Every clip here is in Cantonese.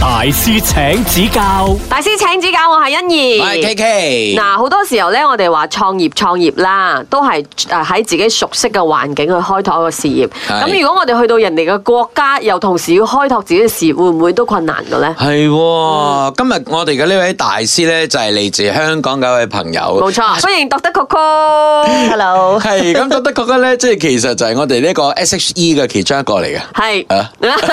大師請指教，大師請指教，我係欣怡，我係 K K。嗱，好多時候咧，我哋話創業創業啦，都係誒喺自己熟悉嘅環境去開拓一個事業。咁如果我哋去到人哋嘅國家，又同時要開拓自己嘅事業，會唔會都困難嘅咧？係、哦，今日我哋嘅呢位大師咧，就係嚟自香港嘅一位朋友。冇錯，啊、歡迎 Dr. Coco，Hello。係，咁 Dr. Coco 咧，即係其實就係我哋呢個 S H E 嘅其中一個嚟嘅。係、啊、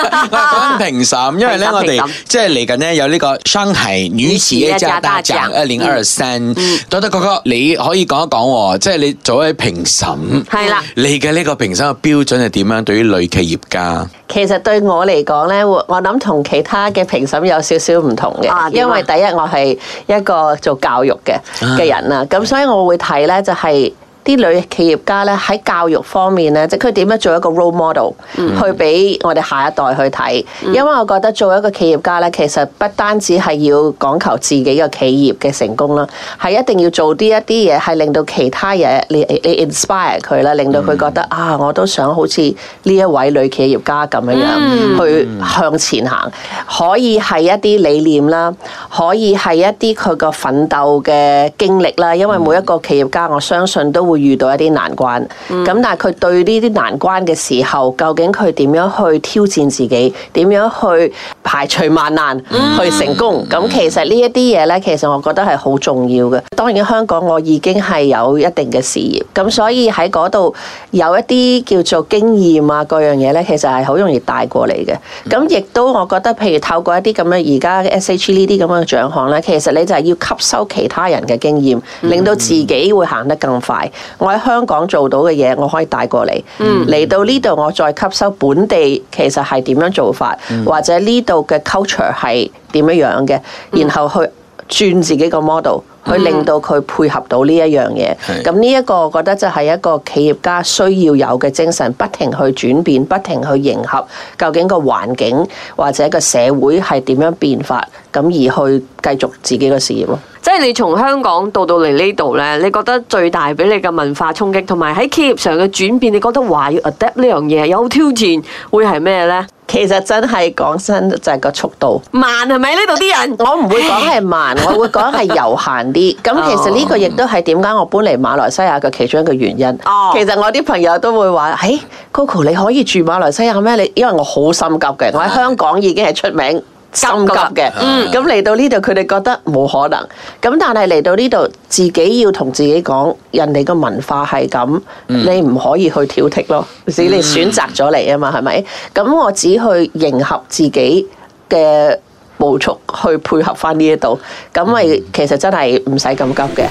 平因為咧，審我哋即係嚟緊咧有呢個上海女企業家大獎，二零二三，多得哥哥，你可以講一講，即係你作為評審，係啦、嗯，你嘅呢個評審嘅標準係點樣？對於女企業家，其實對我嚟講咧，我諗同其他嘅評審有少少唔同嘅，因為第一我係一個做教育嘅嘅人啦，咁、啊、所以我會睇咧就係、是。啲女企業家咧喺教育方面咧，即佢點樣做一個 role model、mm hmm. 去俾我哋下一代去睇，因為我覺得做一個企業家咧，其實不單止係要講求自己嘅企業嘅成功啦，係一定要做啲一啲嘢，係令到其他嘢你你 inspire 佢啦，令到佢覺得、mm hmm. 啊，我都想好似呢一位女企業家咁樣樣、mm hmm. 去向前行，可以係一啲理念啦，可以係一啲佢個奮鬥嘅經歷啦，因為每一個企業家，我相信都會。會遇到一啲難關，咁但係佢對呢啲難關嘅時候，究竟佢點樣去挑戰自己，點樣去排除萬難去成功？咁其實呢一啲嘢呢，其實我覺得係好重要嘅。當然香港，我已經係有一定嘅事業，咁所以喺嗰度有一啲叫做經驗啊，各樣嘢呢，其實係好容易帶過嚟嘅。咁亦都我覺得，譬如透過一啲咁樣而家 SH 呢啲咁樣嘅獎項呢，其實你就係要吸收其他人嘅經驗，令到自己會行得更快。我喺香港做到嘅嘢，我可以帶過嚟。嚟、嗯、到呢度，我再吸收本地其實係點樣做法，嗯、或者呢度嘅 culture 係點樣樣嘅，然後去。轉自己個 model，去令到佢配合到呢一樣嘢。咁呢一個，我覺得就係一個企業家需要有嘅精神，不停去轉變，不停去迎合，究竟個環境或者個社會係點樣變化咁而去繼續自己嘅事業咯。即係你從香港到到嚟呢度呢，你覺得最大俾你嘅文化衝擊，同埋喺企業上嘅轉變，你覺得話要 adapt 呢樣嘢有挑戰，會係咩呢？其實真係講真就係個速度慢，係咪呢度啲人？我唔會講係慢， 我會講係悠閒啲。咁其實呢個亦都係點解我搬嚟馬來西亞嘅其中一個原因。哦，其實我啲朋友都會話，嘿 Coco，你可以住馬來西亞咩？你因為我好心急嘅，我喺香港已經係出名。心急嘅，咁嚟的、嗯、到呢度佢哋覺得冇可能，咁但係嚟到呢度自己要同自己講，人哋個文化係咁，嗯、你唔可以去挑剔咯，只你選擇咗嚟啊嘛，係咪？咁我只去迎合自己嘅步速。去配合翻呢一度，咁咪其實真係唔使咁急嘅。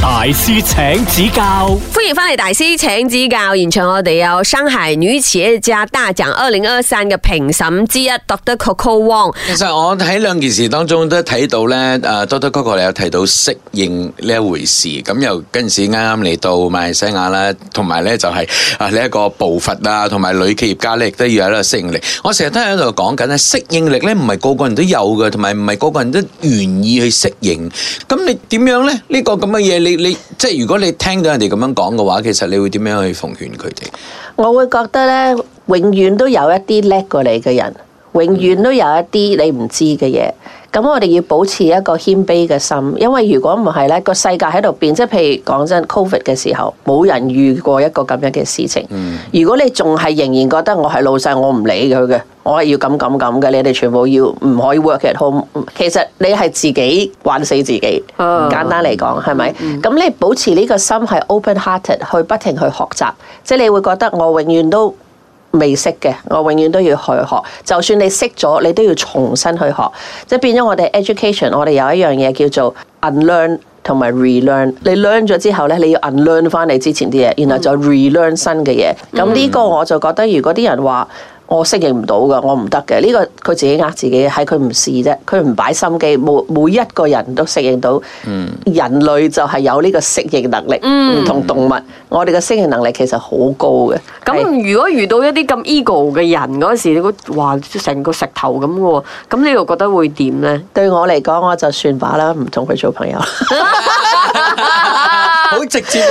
大師請指教，歡迎翻嚟。大師請指教，現場我哋有上海女企業家大獎二零二三嘅評審之一，Dr. Coco Wong。其實我喺兩件事當中都睇到咧，誒，Dr. Coco 你有提到適應呢一回事，咁又跟住啱啱嚟到馬來西亞啦，同埋咧就係啊呢一個步伐啊，同埋女企業家咧亦都要有一個適應力。我成日都喺度講緊咧，適應力咧唔係個個人都有嘅，同埋。唔係個個人都願意去適應，咁你點樣呢？呢個咁嘅嘢，你你即係如果你聽到人哋咁樣講嘅話，其實你會點樣去奉勸佢哋？我會覺得呢，永遠都有一啲叻過你嘅人，永遠都有一啲你唔知嘅嘢。咁我哋要保持一個謙卑嘅心，因為如果唔係咧，個世界喺度變，即係譬如講真，Covid 嘅時候冇人遇過一個咁樣嘅事情。如果你仲係仍然覺得我係老細，我唔理佢嘅，我係要咁咁咁嘅，你哋全部要唔可以 work at home。其實你係自己玩死自己。Oh, 簡單嚟講，係咪？咁你保持呢個心係 open hearted，去不停去學習，即係你會覺得我永遠都。未識嘅，我永遠都要去學。就算你識咗，你都要重新去學。即係變咗我哋 education，我哋有一樣嘢叫做 unlearn 同埋 relearn。你 learn 咗之後咧，你要 unlearn 翻你之前啲嘢，然後再 relearn 新嘅嘢。咁呢、mm hmm. 個我就覺得，如果啲人話。我適應唔到㗎，我唔得嘅。呢、這個佢自己呃自己，係佢唔試啫，佢唔擺心機。每每一個人都適應到，嗯、人類就係有呢個適應能力，唔、嗯、同動物。我哋嘅適應能力其實好高嘅。咁、嗯、是如果遇到一啲咁 ego 嘅人嗰時，哇，成個石頭咁喎。咁你又覺得會點呢？對我嚟講，我就算罷啦，唔同佢做朋友。 接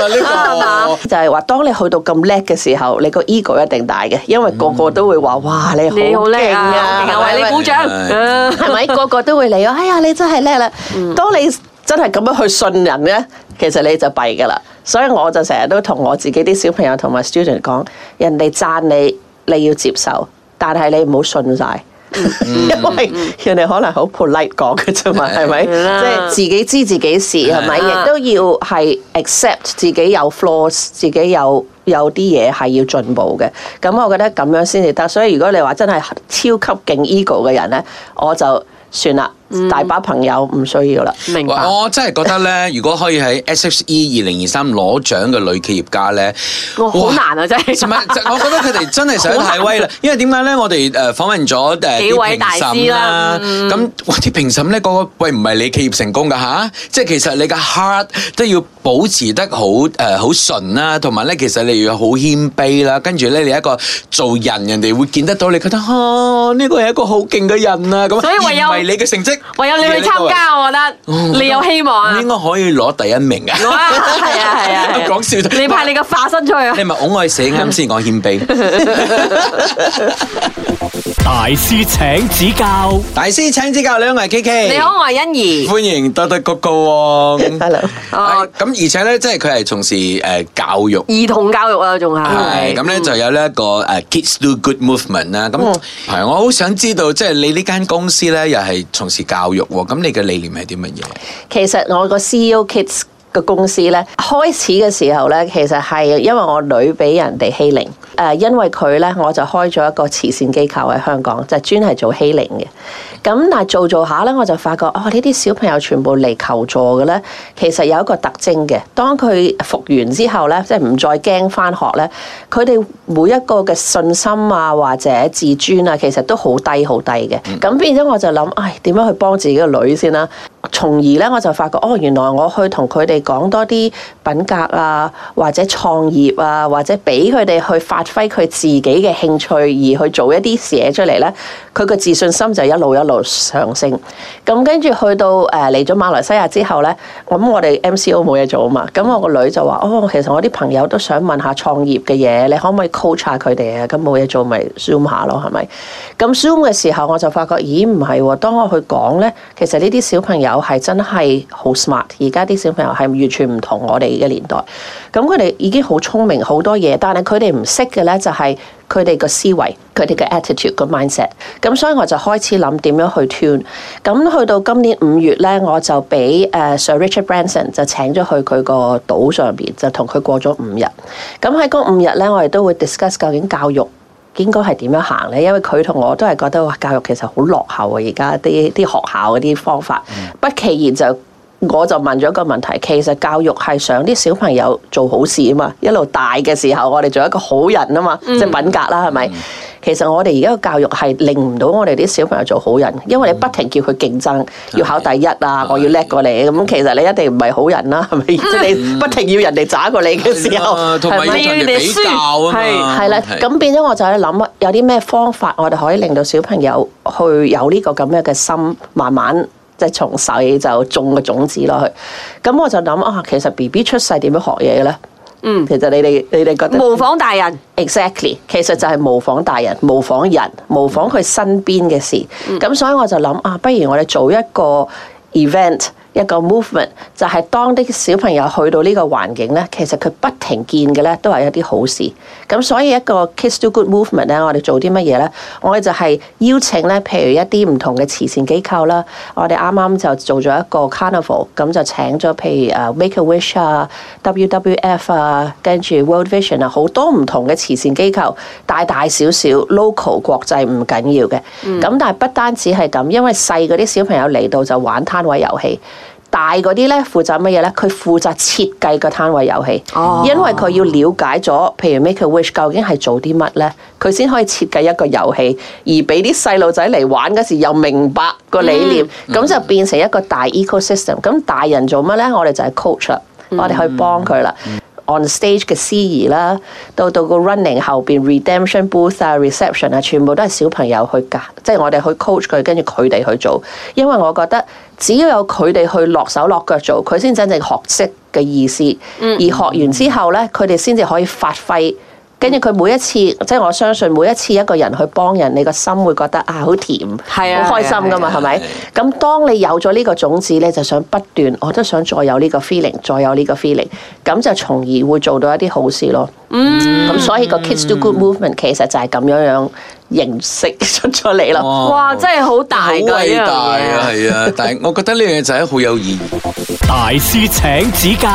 就係話，當你去到咁叻嘅時候，你個 ego 一定大嘅，因為個個都會話：哇，你、啊、你好叻啊！係你鼓掌？係咪 個個都會嚟？啊。」哎呀，你真係叻啦！嗯、當你真係咁樣去信人呢，其實你就弊噶啦。所以我就成日都同我自己啲小朋友同埋 student 講：人哋讚你，你要接受，但係你唔好信晒。」 因為人哋可能好 polite 講嘅啫嘛，係咪？即係自己知自己事，係咪？亦都要係 accept 自己有 flaws，自己有有啲嘢係要進步嘅。咁我覺得咁樣先至得。所以如果你話真係超級勁 ego 嘅人咧，我就算啦。嗯、大把朋友唔需要啦，明白。我真係覺得咧，如果可以喺 SSE 二零二三攞獎嘅女企業家咧，好 哇難啊！真係， 我覺得佢哋真係想太威啦。因為點解咧？我哋誒訪問咗誒、呃、幾位大師啦。咁喂啲評審咧，嗰、那個喂唔係你企業成功㗎吓、啊？即係其實你嘅 heart 都要保持得好誒好純啦，同埋咧其實你要好謙卑啦。跟住咧你一個做人，人哋會見得到你覺得呢個係一個好勁嘅人啊咁。所以唯有，唔係你嘅成績。唯有你去參加，我覺得。有希望啊！應該可以攞第一名㗎。係啊係啊，講笑。你派你個化身出去。你唔係我愛死啱先講謙卑。大師請指教，大師請指教，我係 K K，你好，我係欣宜。歡迎 Dr. Coco Wong。Hello。哦，咁而且咧，即係佢係從事誒教育，兒童教育啊，仲係。係。咁咧就有呢一個誒 Kids Do Good Movement 啦。咁我係我好想知道，即係你呢間公司咧，又係從事教育喎。咁你嘅理念係啲乜嘢？其實我個 CEO Kids 嘅公司咧，開始嘅時候咧，其實係因為我女俾人哋欺凌，誒、呃，因為佢咧，我就開咗一個慈善機構喺香港，就專、是、係做欺凌嘅。咁但係做著做下咧，我就發覺哦，呢啲小朋友全部嚟求助嘅咧，其實有一個特徵嘅，當佢復完之後咧，即係唔再驚返學咧，佢哋每一個嘅信心啊或者自尊啊，其實都好低好低嘅。咁、mm。變咗我就諗，唉、哎，點樣去幫自己個女先啦、啊？從而咧，我就發覺哦，原來我去同佢哋講多啲品格啊，或者創業啊，或者俾佢哋去發揮佢自己嘅興趣，而去做一啲嘢出嚟咧，佢個自信心就一路一路上升。咁跟住去到誒嚟咗馬來西亞之後咧，咁我哋 MCO 冇嘢做啊嘛，咁我個女就話：哦，其實我啲朋友都想問下創業嘅嘢，你可唔可以 coach 下佢哋啊？咁冇嘢做咪 Zoom 下咯，係咪？咁 Zoom 嘅時候，我就發覺咦唔係喎，當我去講咧，其實呢啲小朋友。有係真係好 smart，而家啲小朋友係完全唔同我哋嘅年代。咁佢哋已經好聰明，好多嘢，但係佢哋唔識嘅咧就係佢哋個思維，佢哋嘅 attitude 個 mindset。咁所以我就開始諗點樣去 tune。咁去到今年五月咧，我就俾誒 Sir Richard Branson 就請咗去佢個島上邊，就同佢過咗五日。咁喺嗰五日咧，我哋都會 discuss 究竟教育。應該係點樣行呢？因為佢同我都係覺得，哇！教育其實好落後啊！而家啲啲學校嗰啲方法，mm。不其然就我就問咗一個問題，其實教育係想啲小朋友做好事啊嘛，一路大嘅時候，我哋做一個好人啊嘛，即係品格啦，Mm。係咪？Mm. 其實我哋而家嘅教育係令唔到我哋啲小朋友做好人，因為你不停叫佢競爭，要考第一啊，我要叻過你咁。其實你一定唔係好人啦，係咪？即你不停要人哋渣過你嘅時候，係要比較啊嘛。係啦，咁變咗我就喺度諗有啲咩方法我哋可以令到小朋友去有呢個咁樣嘅心，慢慢即係從細就種個種子落去。咁我就諗啊，其實 B B 出世點樣學嘢嘅咧？嗯，其實你哋你哋覺得模仿大人，exactly，其實就係模仿大人，模仿人，模仿佢身邊嘅事。咁，嗯，所以我就諗啊，不如我哋做一個 event。一個 movement 就係當啲小朋友去到呢個環境咧，其實佢不停見嘅咧都係一啲好事。咁所以一個 Kids Do Good movement 咧，我哋做啲乜嘢咧？我哋就係邀請咧，譬如一啲唔同嘅慈善機構啦。我哋啱啱就做咗一個 carnival，咁就請咗譬如誒 make a wish 啊、WWF 啊，跟住 World Vision 啊，好多唔同嘅慈善機構，大大小小、local、國際唔緊要嘅。咁、mm. 但係不單止係咁，因為細嗰啲小朋友嚟到就玩攤位遊戲。大嗰啲咧負責乜嘢咧？佢負責設計個攤位遊戲，oh. 因為佢要了解咗，譬如 Make a Wish 究竟係做啲乜咧，佢先可以設計一個遊戲，而俾啲細路仔嚟玩嗰時又明白個理念，咁、mm. 就變成一個大 ecosystem。咁大人做乜咧？我哋就係 coach 啦，我哋去幫佢啦。Mm. 嗯 on stage 嘅司儀啦，到到個 running 後邊 redemption booth 啊、reception 啊，全部都係小朋友去㗎，即係我哋去 coach 佢，跟住佢哋去做。因為我覺得只要有佢哋去落手落腳做，佢先真正學識嘅意思。而學完之後咧，佢哋先至可以發揮。跟住佢每一次，即係我相信每一次一個人去幫人，你個心會覺得啊好甜，好、啊、開心噶嘛，係咪？咁當你有咗呢個種子咧，啊、就想不斷，我都想再有呢個 feeling，再有呢個 feeling，咁就從而會做到一啲好事咯。嗯，咁所以個 Kids Do Good Movement、嗯、其實就係咁樣樣。形式出咗嚟啦！哦、哇，真係好大嘅、好偉大啊！係啊，但係我覺得呢樣嘢就係好有意義。大師請指教，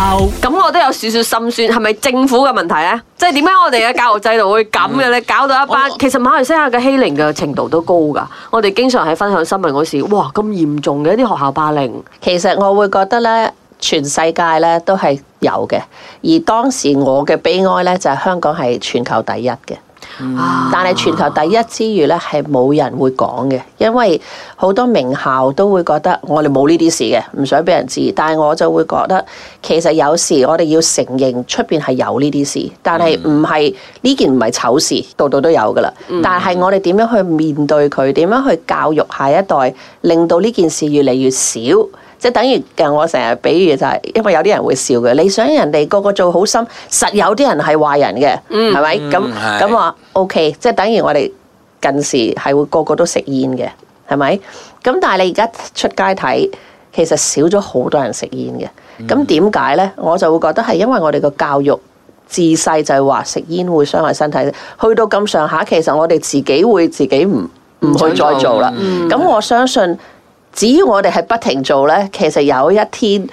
咁我都有少少心酸，係咪政府嘅問題呢？即係點解我哋嘅教育制度 會咁嘅呢？你搞到一班、嗯、其實馬來西亞嘅欺凌嘅程度都高噶。我哋經常喺分享新聞嗰時，哇咁嚴重嘅一啲學校霸凌，其實我會覺得呢，全世界呢都係有嘅。而當時我嘅悲哀呢，就係香港係全球第一嘅。啊、但係全球第一之餘咧，係冇人會講嘅，因為好多名校都會覺得我哋冇呢啲事嘅，唔想俾人知。但係我就會覺得，其實有時我哋要承認出邊係有呢啲事，但係唔係，呢件唔係醜事，度度都有噶啦。但係我哋點樣去面對佢，點樣去教育下一代，令到呢件事越嚟越少。即係等於，其實我成日，比喻就係，因為有啲人會笑嘅。你想人哋個個做好心，實有啲人係壞人嘅，係咪、嗯？咁咁話 OK，即係等於我哋近時係會個個都食煙嘅，係咪？咁但係你而家出街睇，其實少咗好多人食煙嘅。咁點解咧？嗯、我就會覺得係因為我哋個教育自細就係話食煙會傷害身體，去到咁上下，其實我哋自己會自己唔唔去再做啦。咁、嗯、我相信。只要我哋係不停做呢，其實有一天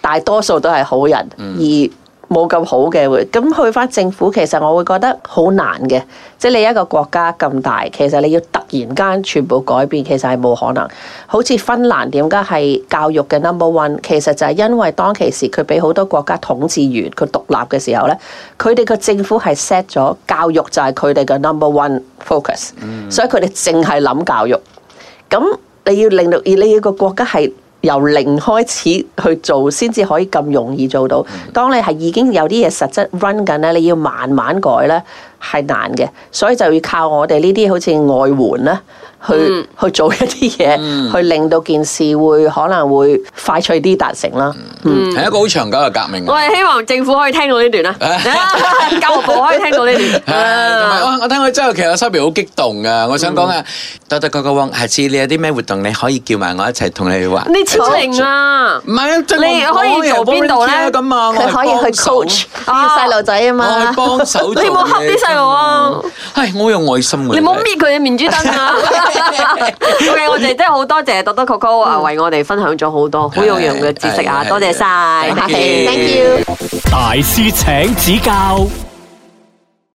大多數都係好人，而冇咁好嘅會咁去翻政府。其實我會覺得好難嘅，即係你一個國家咁大，其實你要突然間全部改變，其實係冇可能。好似芬蘭點解係教育嘅 number one？其實就係因為當其時佢俾好多國家統治完佢獨立嘅時候呢，佢哋嘅政府係 set 咗教育就係佢哋嘅 number one focus，所以佢哋淨係諗教育咁。你要令到，你要個國家係由零開始去做，先至可以咁容易做到。當你係已經有啲嘢實質 run 緊咧，你要慢慢改咧，係難嘅。所以就要靠我哋呢啲好似外援啦。去去做一啲嘢，去令到件事會可能會快脆啲達成啦。嗯，係一個好長久嘅革命。我係希望政府可以聽到呢段啊，教育部可以聽到呢段。係同埋我，我聽佢之後其實收邊好激動啊！我想講啊，多多個個汪，下次你有啲咩活動，你可以叫埋我一齊同你去玩。你超靈啊！唔係啊，你可以做邊度咧？咁啊，佢可以去 coach 啲細路仔啊嘛。我去幫手，你唔好恰啲細路啊！係我有愛心嘅，你唔好搣佢嘅面珠燈啊！O.K.，我哋真係好多謝 Doctor Coco、嗯、為我哋分享咗好多好有用嘅知識啊，多謝曬，多謝，Thank you。大師請指教。